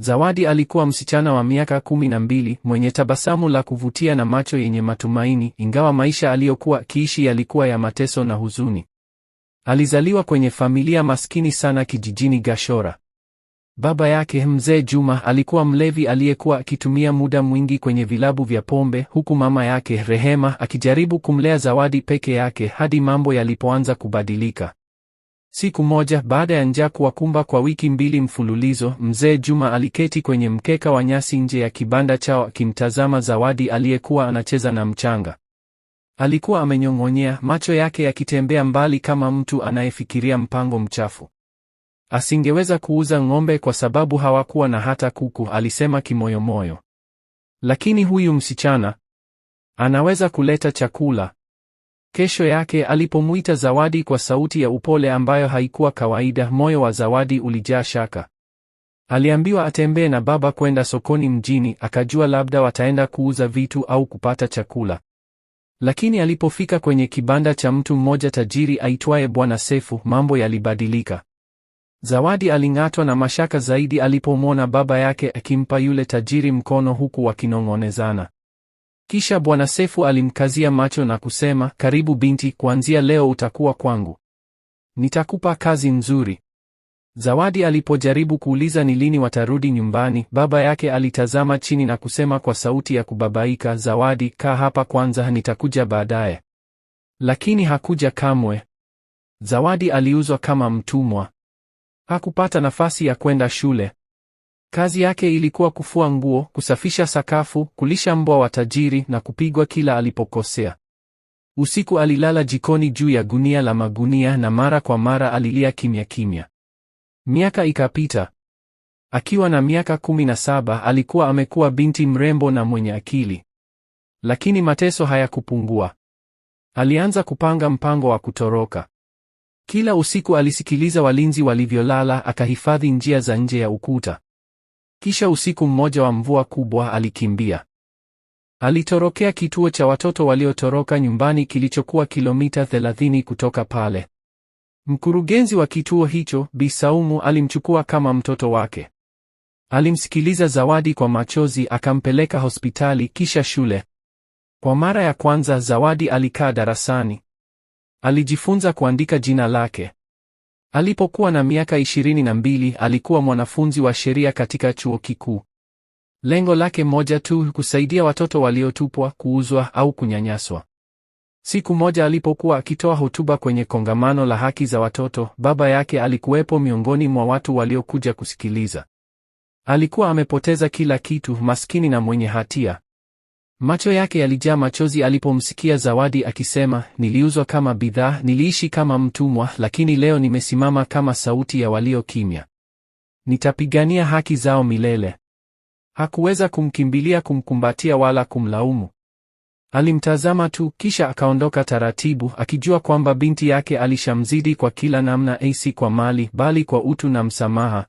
Zawadi alikuwa msichana wa miaka kumi na mbili mwenye tabasamu la kuvutia na macho yenye matumaini, ingawa maisha aliyokuwa akiishi yalikuwa ya mateso na huzuni. Alizaliwa kwenye familia maskini sana kijijini Gashora. Baba yake mzee Juma alikuwa mlevi aliyekuwa akitumia muda mwingi kwenye vilabu vya pombe, huku mama yake Rehema akijaribu kumlea Zawadi peke yake hadi mambo yalipoanza kubadilika. Siku moja baada ya njaa kuwakumba kwa wiki mbili mfululizo, mzee Juma aliketi kwenye mkeka wa nyasi nje ya kibanda chao akimtazama Zawadi aliyekuwa anacheza na mchanga. Alikuwa amenyong'onyea, macho yake yakitembea mbali kama mtu anayefikiria mpango mchafu. Asingeweza kuuza ng'ombe kwa sababu hawakuwa na hata kuku, alisema kimoyomoyo. Lakini huyu msichana anaweza kuleta chakula. Kesho yake alipomuita Zawadi kwa sauti ya upole ambayo haikuwa kawaida, moyo wa Zawadi ulijaa shaka. Aliambiwa atembee na baba kwenda sokoni mjini, akajua labda wataenda kuuza vitu au kupata chakula. Lakini alipofika kwenye kibanda cha mtu mmoja tajiri aitwaye Bwana Sefu, mambo yalibadilika. Zawadi aling'atwa na mashaka zaidi alipomwona baba yake akimpa yule tajiri mkono huku wakinong'onezana. Kisha Bwana Sefu alimkazia macho na kusema, karibu binti, kuanzia leo utakuwa kwangu. Nitakupa kazi nzuri. Zawadi alipojaribu kuuliza ni lini watarudi nyumbani, baba yake alitazama chini na kusema kwa sauti ya kubabaika, Zawadi, kaa hapa kwanza, nitakuja baadaye. Lakini hakuja kamwe. Zawadi aliuzwa kama mtumwa. Hakupata nafasi ya kwenda shule. Kazi yake ilikuwa kufua nguo, kusafisha sakafu, kulisha mbwa wa tajiri na kupigwa kila alipokosea. Usiku alilala jikoni juu ya gunia la magunia na mara kwa mara alilia kimya kimya. Miaka ikapita. Akiwa na miaka kumi na saba alikuwa amekuwa binti mrembo na mwenye akili. Lakini mateso hayakupungua. Alianza kupanga mpango wa kutoroka. Kila usiku alisikiliza walinzi walivyolala, akahifadhi njia za nje ya ukuta. Kisha usiku mmoja wa mvua kubwa alikimbia. Alitorokea kituo cha watoto waliotoroka nyumbani kilichokuwa kilomita 30 kutoka pale. Mkurugenzi wa kituo hicho, Bi Saumu, alimchukua kama mtoto wake. Alimsikiliza Zawadi kwa machozi, akampeleka hospitali kisha shule. Kwa mara ya kwanza Zawadi alikaa darasani. Alijifunza kuandika jina lake. Alipokuwa na miaka ishirini na mbili alikuwa mwanafunzi wa sheria katika chuo kikuu. Lengo lake moja tu, kusaidia watoto waliotupwa, kuuzwa au kunyanyaswa. Siku moja alipokuwa akitoa hotuba kwenye kongamano la haki za watoto, baba yake alikuwepo miongoni mwa watu waliokuja kusikiliza. Alikuwa amepoteza kila kitu, maskini na mwenye hatia. Macho yake yalijaa machozi alipomsikia Zawadi akisema, niliuzwa kama bidhaa, niliishi kama mtumwa, lakini leo nimesimama kama sauti ya walio kimya. Nitapigania haki zao milele. Hakuweza kumkimbilia, kumkumbatia wala kumlaumu. Alimtazama tu kisha akaondoka taratibu, akijua kwamba binti yake alishamzidi kwa kila namna, eh, si kwa mali, bali kwa utu na msamaha.